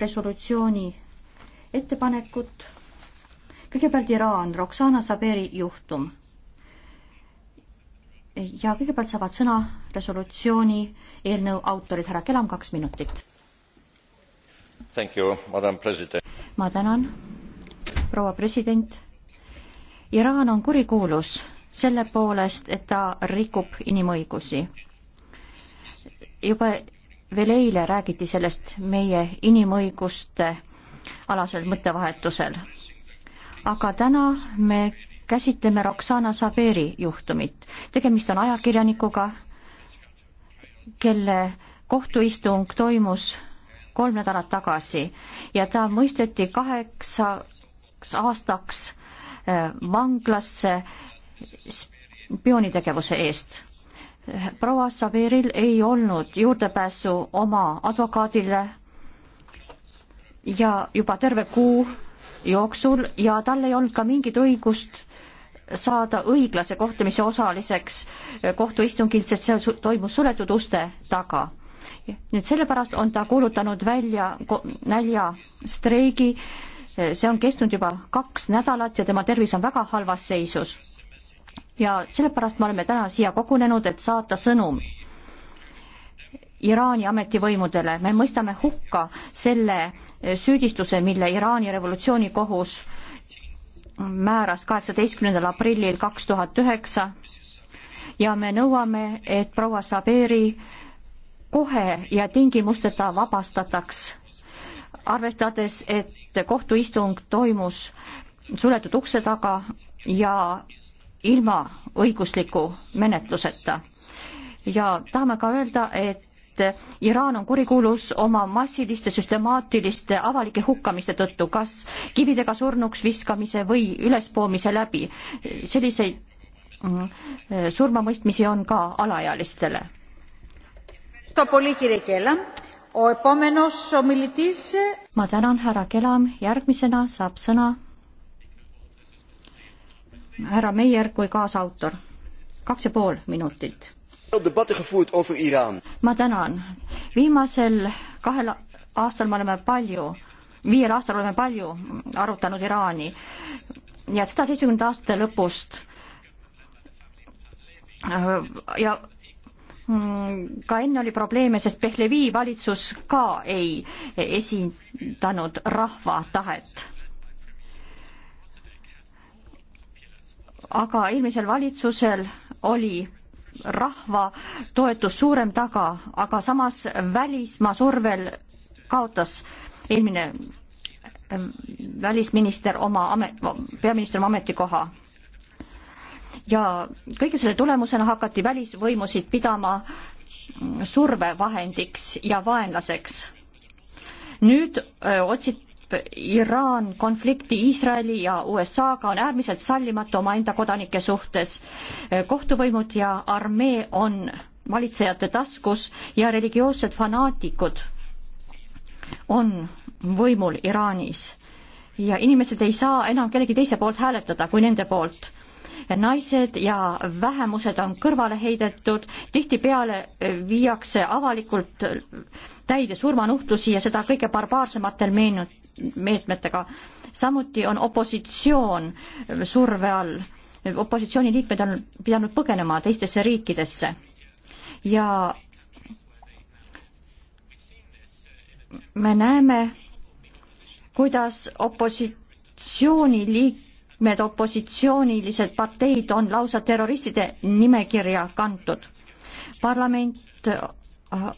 resolutsiooni ettepanekut. kõigepealt Iraan, Roxana Saberi juhtum. ja kõigepealt saavad sõna resolutsiooni eelnõu autorid, härra Kelam, kaks minutit. ma tänan, proua president. Iraan on kurikuulus selle poolest, et ta rikub inimõigusi. juba veel eile räägiti sellest meie inimõiguste alasel mõttevahetusel. aga täna me käsitleme Roxana Saberi juhtumit. tegemist on ajakirjanikuga, kelle kohtuistung toimus kolm nädalat tagasi ja ta mõisteti kaheksaks aastaks äh, vanglasse spioonitegevuse eest proua Saveril ei olnud juurdepääsu oma advokaadile ja juba terve kuu jooksul ja tal ei olnud ka mingit õigust saada õiglase kohtumise osaliseks kohtuistungilt, sest see toimus suletud uste taga. nüüd sellepärast on ta kuulutanud välja näljastreigi, see on kestnud juba kaks nädalat ja tema tervis on väga halvas seisus ja sellepärast me oleme täna siia kogunenud, et saata sõnum Iraani ametivõimudele, me mõistame hukka selle süüdistuse, mille Iraani revolutsioonikohus määras kaheksateistkümnendal aprillil kaks tuhat üheksa ja me nõuame, et proua Saberi kohe ja tingimusteta vabastataks, arvestades, et kohtuistung toimus suletud ukse taga ja ilma õigusliku menetluseta. ja tahame ka öelda, et Iraan on kurikuulus oma massiliste süstemaatiliste avalike hukkamiste tõttu, kas kividega surnuks viskamise või ülespoomise läbi. selliseid mm, eh, surmamõistmisi on ka alaealistele. ma tänan, härra Kelam, järgmisena saab sõna härra Meier kui kaasautor. kaks ja pool minutit. ma tänan. viimasel kahel aastal me oleme palju, viiel aastal oleme palju arutanud Iraani ja seda seitsmekümnenda aastate lõpust äh, ja mm, ka enne oli probleeme, sest Pehlevi valitsus ka ei esindanud rahva tahet. aga eelmisel valitsusel oli rahva toetus suurem taga, aga samas välismaa survel kaotas eelmine ähm, välisminister oma amet, peaministri oma ametikoha. ja kõige selle tulemusena hakati välisvõimusid pidama survevahendiks ja vaenlaseks. nüüd öö, äh, otsit-, Iraan konflikti Iisraeli ja USA-ga on äärmiselt sallimatu omaenda kodanike suhtes. kohtuvõimud ja armee on valitsejate taskus ja religioossed fanaatikud on võimul Iraanis ja inimesed ei saa enam kellegi teise poolt hääletada kui nende poolt naised ja vähemused on kõrvale heidetud, tihtipeale eh, viiakse avalikult täide surmanuhtlusi ja seda kõige barbaarsematel meenu-, meetmetega. samuti on opositsioon eh, surve all, opositsiooniliikmed on pidanud põgenema teistesse riikidesse ja me näeme, kuidas opositsiooniliik-, mitmed opositsioonilised parteid on lausa terroristide nimekirja kantud. parlament äh,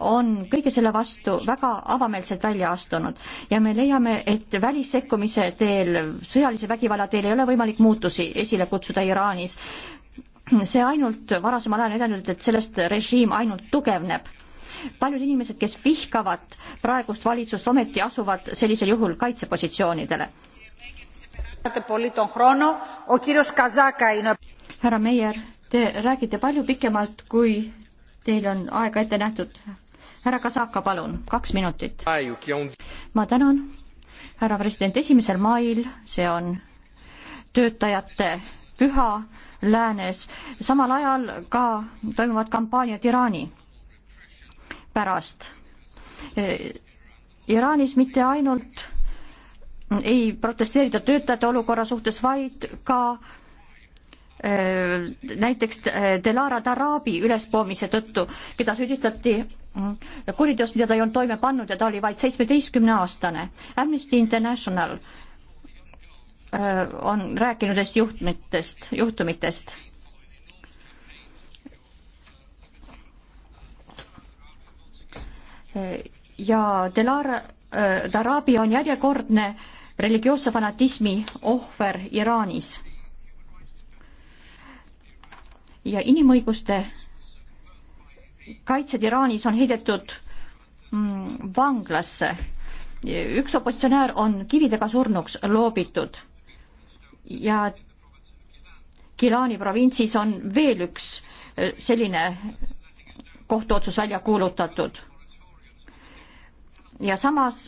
on kõige selle vastu väga avameelselt välja astunud ja me leiame, et välissekkumise teel, sõjalise vägivalla teel ei ole võimalik muutusi esile kutsuda Iraanis. see ainult varasemal ajal näidanud, et sellest režiim ainult tugevneb paljud inimesed, kes vihkavad praegust valitsust, ometi asuvad sellisel juhul kaitsepositsioonidele härra Meier, te räägite palju pikemalt, kui teil on aega ette nähtud. härra Kasaka, palun, kaks minutit. ma tänan, härra president, esimesel mail, see on töötajate püha läänes, samal ajal ka toimuvad kampaaniad Iraani pärast. Iraanis mitte ainult ei protesteerida töötajate olukorra suhtes, vaid ka äh, näiteks äh, Delara Darabi ülespoomise tõttu, keda süüdistati mm, kuriteost, mida ta ei olnud toime pannud ja ta oli vaid seitsmeteistkümne aastane. Amnesty International äh, on rääkinud neist juhtmetest, juhtumitest. ja Delara Darabi on järjekordne äh, religioosse fanatismi ohver Iraanis. ja inimõiguste kaitsjad Iraanis on heidetud mm, vanglasse. üks opositsionäär on kividega surnuks loobitud ja Kilani provintsis on veel üks eh, selline kohtuotsus välja kuulutatud. ja samas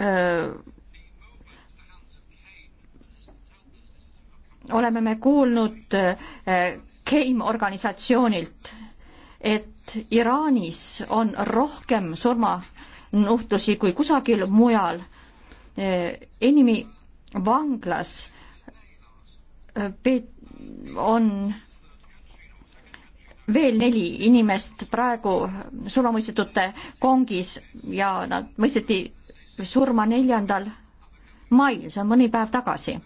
öö, eh, oleme me kuulnud äh, Keim organisatsioonilt, et Iraanis on rohkem surmanuhtlusi kui kusagil mujal. Äh, Enimi vanglas äh, on veel neli inimest praegu surmamõistetute kongis ja nad mõisteti surma neljandal mail, see on mõni päev tagasi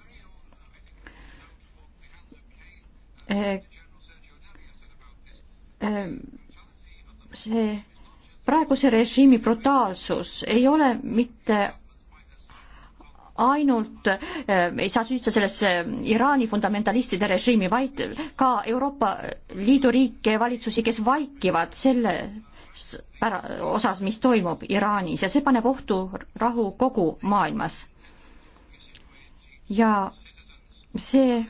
Äh, äh, see praeguse režiimi brutaalsus ei ole mitte ainult äh,, ei saa süüdistada sellesse äh, Iraani fundamentalistide režiimi, vaid ka Euroopa Liidu riike ja valitsusi, kes vaikivad selle ära, osas, mis toimub Iraanis ja see paneb ohtu rahu kogu maailmas. ja see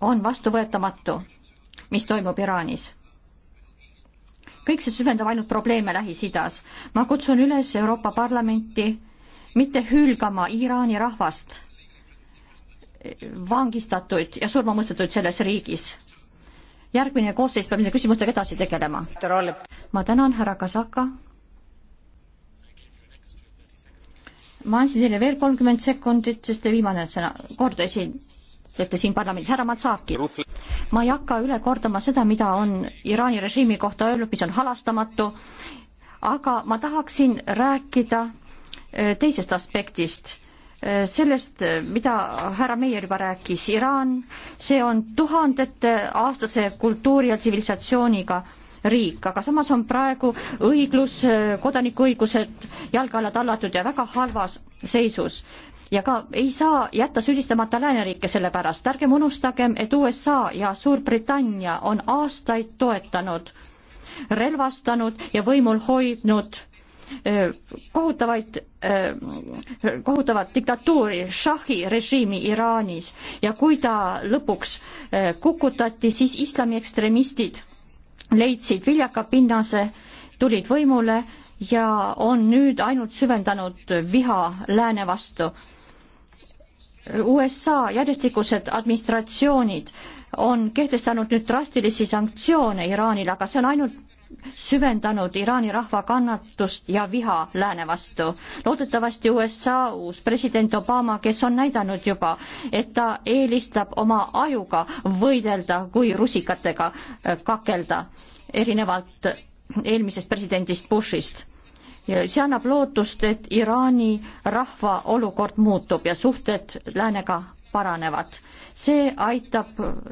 on vastuvõetamatu, mis toimub Iraanis. kõik see süvendab ainult probleeme Lähis-Idas. ma kutsun üles Euroopa Parlamenti mitte hülgama Iraani rahvast, vangistatuid ja surmamõistetuid selles riigis. järgmine koosseis peab nende küsimustega edasi tegelema. ma tänan, härra Kasaka. ma andsin teile veel kolmkümmend sekundit, sest te viimane sõna, kord esi-, ütlete siin parlamendis, härra Matsaki. ma ei hakka üle kordama seda, mida on Iraani režiimi kohta öelnud, mis on halastamatu, aga ma tahaksin rääkida äh, teisest aspektist, äh, sellest, mida härra Meier juba rääkis, Iraan, see on tuhandete aastase kultuuri ja tsivilisatsiooniga riik, aga samas on praegu õiglus, äh, kodanikuõigused jalge alla tallatud ja väga halvas seisus ja ka ei saa jätta süüdistamata lääneriike selle pärast. ärgem unustagem, et USA ja Suurbritannia on aastaid toetanud, relvastanud ja võimul hoidnud kohutavaid, kohutavat diktatuuri, šahi režiimi Iraanis ja kui ta lõpuks kukutati, siis islami ekstremistid leidsid viljaka pinnase, tulid võimule ja on nüüd ainult süvendanud viha lääne vastu USA järjestikused administratsioonid on kehtestanud nüüd drastilisi sanktsioone Iraanile, aga see on ainult süvendanud Iraani rahva kannatust ja viha lääne vastu. loodetavasti USA uus president Obama, kes on näidanud juba, et ta eelistab oma ajuga võidelda, kui rusikatega kakelda, erinevalt eelmisest presidendist Bushist see annab lootust, et Iraani rahva olukord muutub ja suhted läänega paranevad. see aitab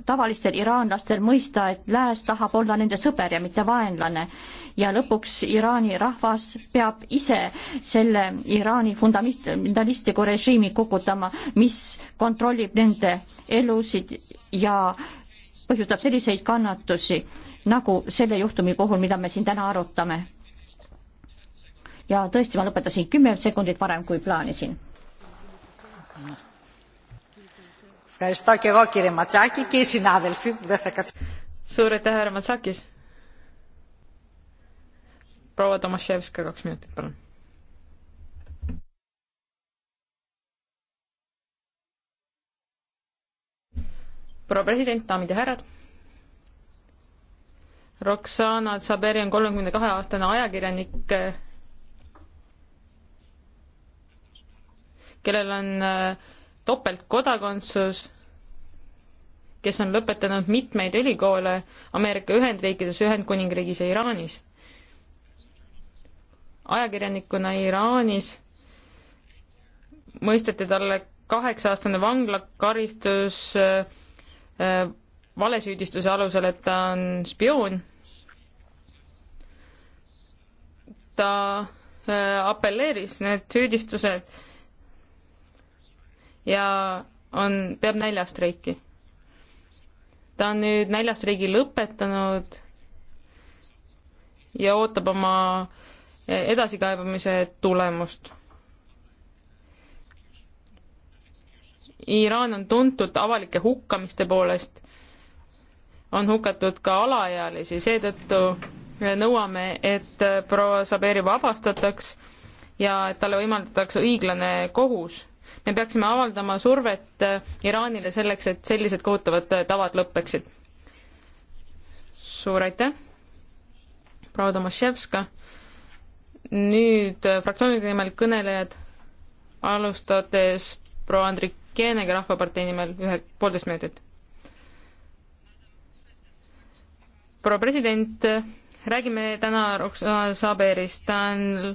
tavalistel iraanlastel mõista, et lääs tahab olla nende sõber ja mitte vaenlane. ja lõpuks Iraani rahvas peab ise selle Iraani fundamentalistliku režiimi kukutama, mis kontrollib nende elusid ja põhjustab selliseid kannatusi, nagu selle juhtumi puhul, mida me siin täna arutame ja tõesti, ma lõpetasin kümme sekundit varem, kui plaanisin. suur aitäh, härra Matsakis! proua Tomaševska, kaks minutit, palun proua president, daamid ja härrad. Roxana Zaberi on kolmekümne kahe aastane ajakirjanik, kellel on äh, topeltkodakondsus, kes on lõpetanud mitmeid ülikoole Ameerika Ühendriikides, Ühendkuningriigis ja Iraanis. ajakirjanikuna Iraanis mõisteti talle kaheksa-aastane vanglakaristus äh, äh, valesüüdistuse alusel, et ta on spioon. ta apelleeris need süüdistused ja on, peab näljastreiki. ta on nüüd näljastreigi lõpetanud ja ootab oma edasikaebamise tulemust. Iraan on tuntud avalike hukkamiste poolest, on hukatud ka alaealisi, seetõttu nõuame, et proua Saberi vabastataks ja et talle võimaldatakse õiglane kohus me peaksime avaldama survet äh, Iraanile selleks, et sellised kohutavad äh, tavad lõpeksid. suur aitäh, proua Tomaševska. nüüd äh, fraktsioonide nimel kõnelejad, alustades proua Andrikenega Rahvapartei nimel ühe, poolteist minutit. proua president, räägime täna Roxana Saberist, ta on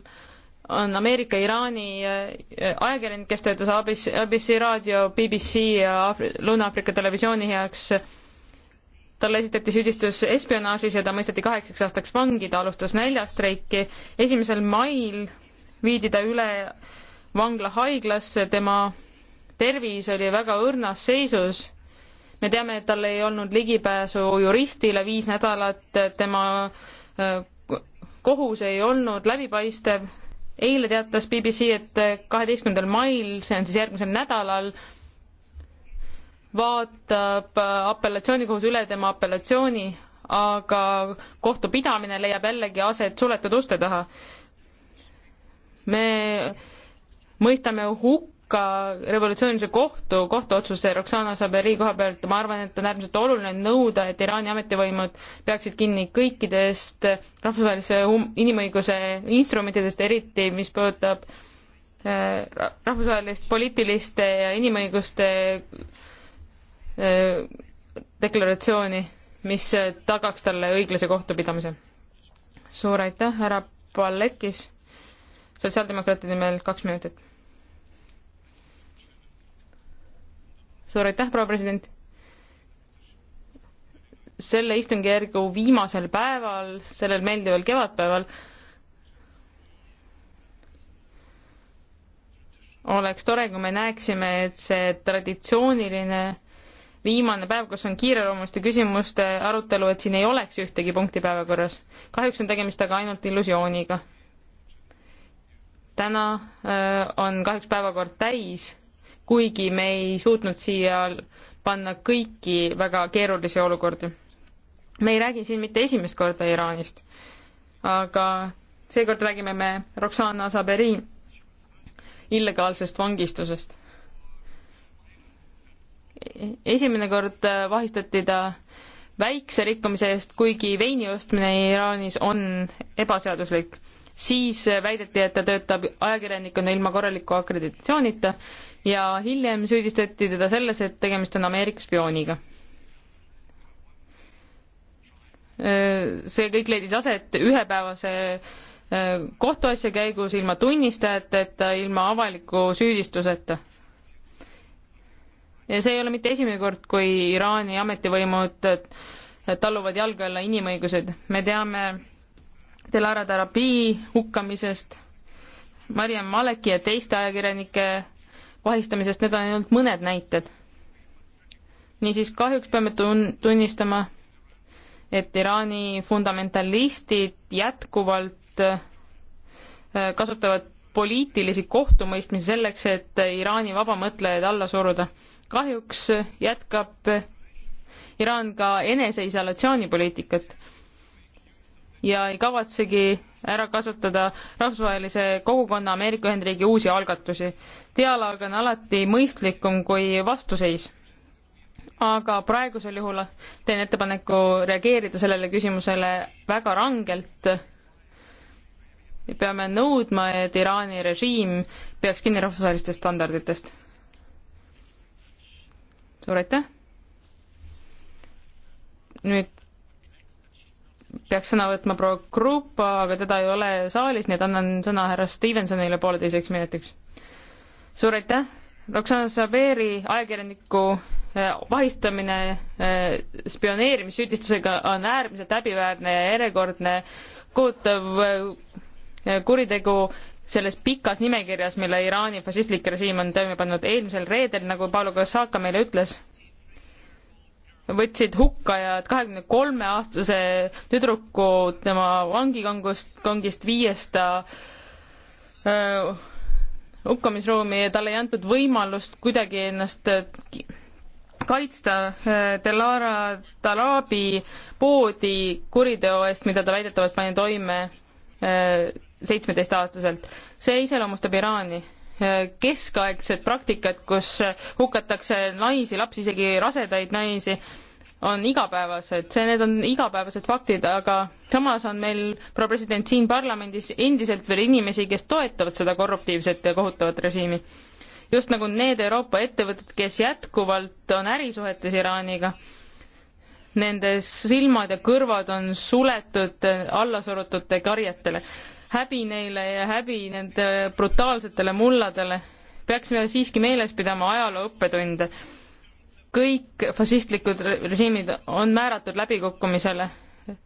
on Ameerika, Iraani äh, ajakirjanik, kes töötas ABC, ABC raadio, BBC ja Lõuna-Aafrika televisiooni heaks. talle esitati süüdistus espionaažis ja ta mõisteti kaheksaks aastaks vangi, ta alustas näljastreiki. esimesel mail viidi ta üle vangla haiglasse, tema tervis oli väga õrnas seisus. me teame, et tal ei olnud ligipääsu juristile viis nädalat, tema äh, kohus ei olnud läbipaistev, eile teatas BBC, et kaheteistkümnendal mail, see on siis järgmisel nädalal, vaatab äh, apellatsioonikohus üle tema apellatsiooni, aga kohtupidamine leiab jällegi aset suletud uste taha. me mõistame hukka ka revolutsioonilise kohtu, kohtuotsuse Roxana Saberi koha pealt, ma arvan, et on äärmiselt oluline nõuda, et Iraani ametivõimud peaksid kinni kõikidest rahvusvahelise inimõiguse instrumentidest, eriti mis puudutab äh, rahvusvahelist poliitiliste ja inimõiguste äh, deklaratsiooni, mis tagaks talle õiglase kohtupidamise. suur aitäh, härra Palekis, sotsiaaldemokraatide nimel kaks minutit suur aitäh, proua president! selle istungjärgu viimasel päeval, sellel meeldival kevadpäeval, oleks tore, kui me näeksime, et see traditsiooniline viimane päev, kus on kiireloomuliste küsimuste arutelu, et siin ei oleks ühtegi punkti päevakorras. kahjuks on tegemist aga ainult illusiooniga. täna öö, äh, on kahjuks päevakord täis kuigi me ei suutnud siia panna kõiki väga keerulisi olukordi. me ei räägi siin mitte esimest korda Iraanist, aga seekord räägime me Roxana Saberi illegaalsest vangistusest. esimene kord vahistati ta väikse rikkumise eest, kuigi veini ostmine Iraanis on ebaseaduslik, siis väideti, et ta töötab ajakirjanikuna ilma korraliku akreditatsioonita ja hiljem süüdistati teda selles, et tegemist on Ameerika spiooniga. see kõik leidis aset ühepäevase kohtuasja käigus ilma tunnistajateta, ilma avaliku süüdistuseta. ja see ei ole mitte esimene kord, kui Iraani ametivõimud äh, talluvad jalge alla inimõigused. me teame Delara Tarabi hukkamisest, Mariam Maleki ja teiste ajakirjanike vahistamisest, need on ainult mõned näited. niisiis kahjuks peame tun-, tunnistama, et Iraani fundamentalistid jätkuvalt äh, kasutavad poliitilisi kohtumõistmisi selleks, et Iraani vabamõtlejaid alla suruda. kahjuks jätkab Iraan ka eneseisolatsioonipoliitikat ja ei kavatsegi ära kasutada rahvusvahelise kogukonna Ameerika Ühendriigi uusi algatusi. dialoog on alati mõistlikum kui vastuseis. aga praegusel juhul teen ettepaneku reageerida sellele küsimusele väga rangelt. peame nõudma, et Iraani režiim peaks kinni rahvusvahelistest standarditest. suur aitäh! nüüd peaks sõna võtma proua Krupa, aga teda ei ole saalis, nii et annan sõna härra Stevensonile pooleteiseks minutiks. suur aitäh, Roxana Saberi ajakirjaniku eh, vahistamine eh, spioneerimissüüdistusega on äärmiselt häbiväärne ja järjekordne kohutav eh, kuritegu selles pikas nimekirjas, mille Iraani fašistlik režiim on toime pannud eelmisel reedel, nagu Paolo Kassaka meile ütles võtsid hukkajad kahekümne kolme aastase tüdruku tema vangikangust, kangist viies ta äh, hukkamisruumi ja talle ei antud võimalust kuidagi ennast äh, kaitsta äh,. Delara Talabi poodi kuriteo eest, mida ta väidetavalt pani toime äh, seitsmeteistaastaselt äh,. see iseloomustab Iraani keskaegset praktikat, kus hukatakse naisi, lapsi, isegi rasedaid naisi, on igapäevased, see, need on igapäevased faktid, aga samas on meil president siin parlamendis endiselt veel inimesi, kes toetavad seda korruptiivset ja kohutavat režiimi. just nagu need Euroopa ettevõtted, kes jätkuvalt on ärisuhetes Iraaniga nende silmad ja kõrvad on suletud allasurutute karjetele häbi neile ja häbi nende brutaalsetele mulladele. peaksime siiski meeles pidama ajaloo õppetunde. kõik fašistlikud režiimid on määratud läbikukkumisele.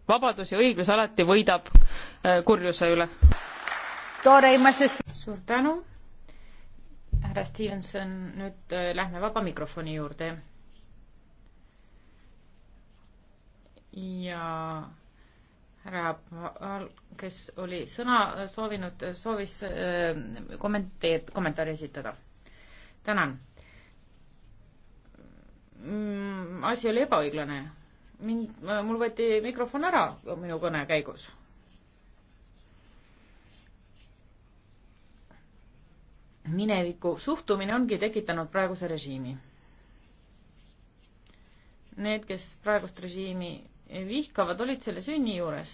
vabadus ja õiglus alati võidab äh, kurjuse üle. suur tänu. härra Stevenson, nüüd äh, lähme vaba mikrofoni juurde. ja härra, kes oli sõna soovinud, soovis äh, kommenteer-, kommentaari esitada. tänan. Mm, asi oli ebaõiglane. mind, mul võeti mikrofon ära minu kõne käigus. mineviku suhtumine ongi tekitanud praeguse režiimi. Need, kes praegust režiimi vihkavad, olid selle sünni juures.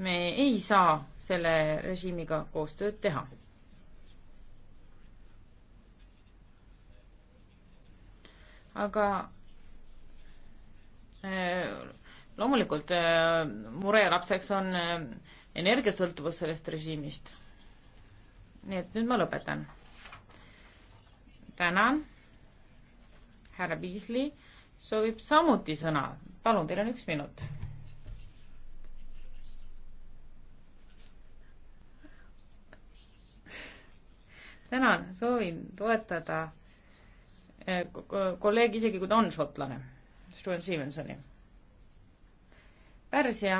me ei saa selle režiimiga koostööd teha. aga äh, loomulikult äh, mure lapseks on äh, energiasõltuvus sellest režiimist. nii et nüüd ma lõpetan. tänan, härra Piisli soovib samuti sõna. palun, teil on üks minut. tänan, soovin toetada eh, kolleeg, isegi kui ta on šotlane, Stuart Stevensoni. Pärsia,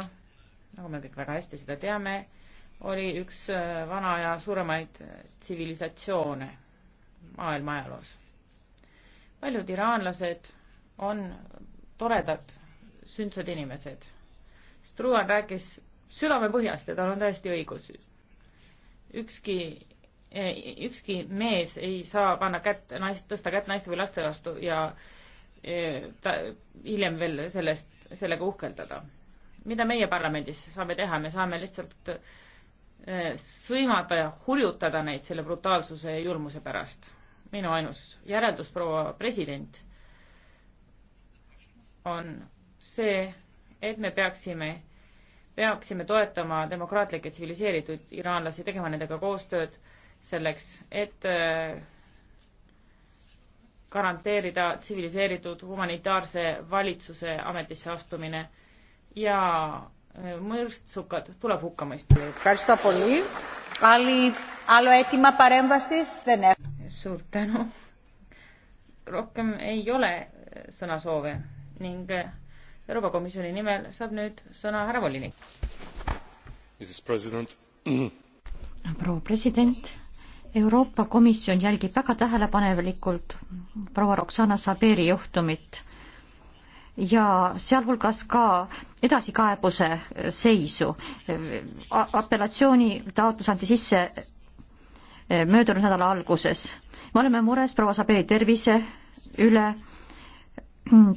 nagu me kõik väga hästi seda teame, oli üks eh, vana aja suuremaid eh, tsivilisatsioone maailma ajaloos. paljud iraanlased on toredad, sündsad inimesed. Struan rääkis südamepõhjast ja tal on täiesti õigus. ükski, ükski mees ei saa panna kätt, naist, tõsta kätt naiste või laste vastu ja e, ta hiljem veel sellest, sellega uhkeldada. mida meie parlamendis saame teha, me saame lihtsalt e, sõimata ja hurjutada neid selle brutaalsuse ja julmuse pärast. minu ainus järeldus, proua president on see, et me peaksime, peaksime toetama demokraatlikke tsiviliseeritud iraanlasi, tegema nendega koostööd selleks, et äh, garanteerida tsiviliseeritud humanitaarse valitsuse ametisse astumine ja äh, mõrtsukad tuleb hukka mõista. suur tänu. rohkem ei ole äh, sõnasoove ning Euroopa Komisjoni nimel saab nüüd sõna härra volinik. proua president, Euroopa Komisjon jälgib väga tähelepanelikult proua Roxana Saberi juhtumit ja sealhulgas ka edasikaebuse seisu. apellatsiooni taotlus anti sisse eh, möödunud nädala alguses. me oleme mures proua Saberi tervise üle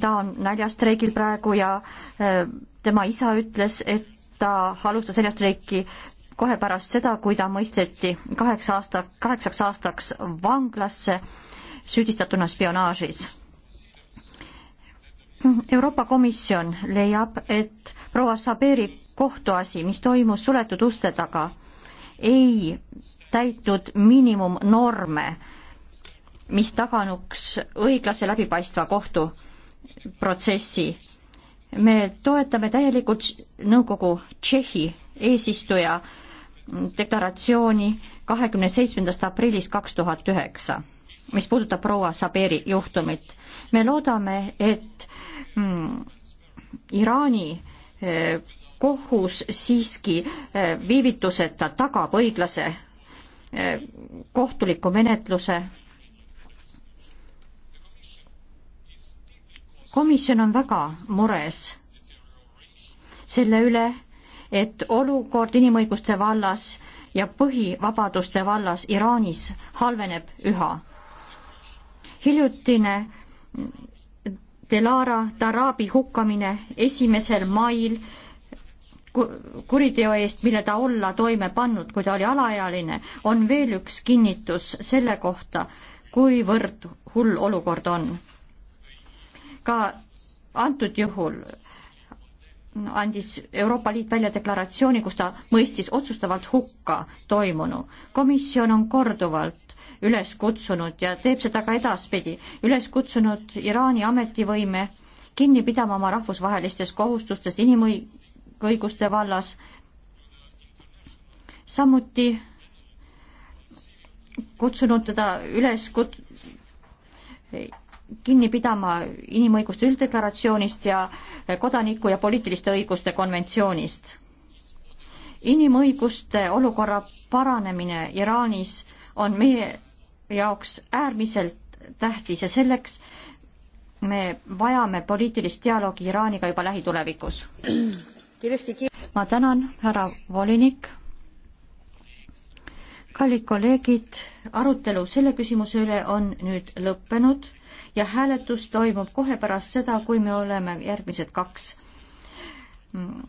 ta on näljastreigil praegu ja äh, tema isa ütles, et ta alustas näljastreiki kohe pärast seda, kui ta mõisteti kaheksa aasta, kaheksaks aastaks vanglasse süüdistatuna spionaažis. Euroopa Komisjon leiab, et proua Saberi kohtuasi, mis toimus suletud uste taga, ei täitnud miinimumnorme, mis taganuks õiglase läbipaistva kohtu protsessi. me toetame täielikult nõukogu Tšehhi eesistuja deklaratsiooni kahekümne seitsmendast aprillist kaks tuhat üheksa, mis puudutab proua Saberi juhtumit. me loodame, et mm, Iraani eh, kohus siiski eh, viivituseta tagab õiglase eh, kohtuliku menetluse komisjon on väga mures selle üle, et olukord inimõiguste vallas ja põhivabaduste vallas Iraanis halveneb üha. hiljutine Delara Tarabi hukkamine esimesel mail kuriteo eest, mille ta olla toime pannud, kui ta oli alaealine, on veel üks kinnitus selle kohta, kuivõrd hull olukord on ka antud juhul andis Euroopa Liit välja deklaratsiooni, kus ta mõistis otsustavalt hukka toimunu. komisjon on korduvalt üles kutsunud ja teeb seda ka edaspidi, üles kutsunud Iraani ametivõime kinni pidama oma rahvusvahelistest kohustustest inimõiguste vallas. samuti kutsunud teda üles kut-, kinni pidama inimõiguste ülddeklaratsioonist ja kodaniku- ja poliitiliste õiguste konventsioonist. inimõiguste olukorra paranemine Iraanis on meie jaoks äärmiselt tähtis ja selleks me vajame poliitilist dialoogi Iraaniga juba lähitulevikus. ma tänan, härra volinik. kallid kolleegid, arutelu selle küsimuse üle on nüüd lõppenud ja hääletus toimub kohe pärast seda, kui me oleme järgmised kaks mm,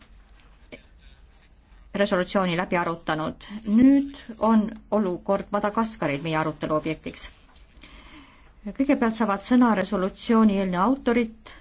resolutsiooni läbi arutanud. nüüd on olukord Madagaskaril meie arutelu objektiks. kõigepealt saavad sõna resolutsiooni eelnõu autorid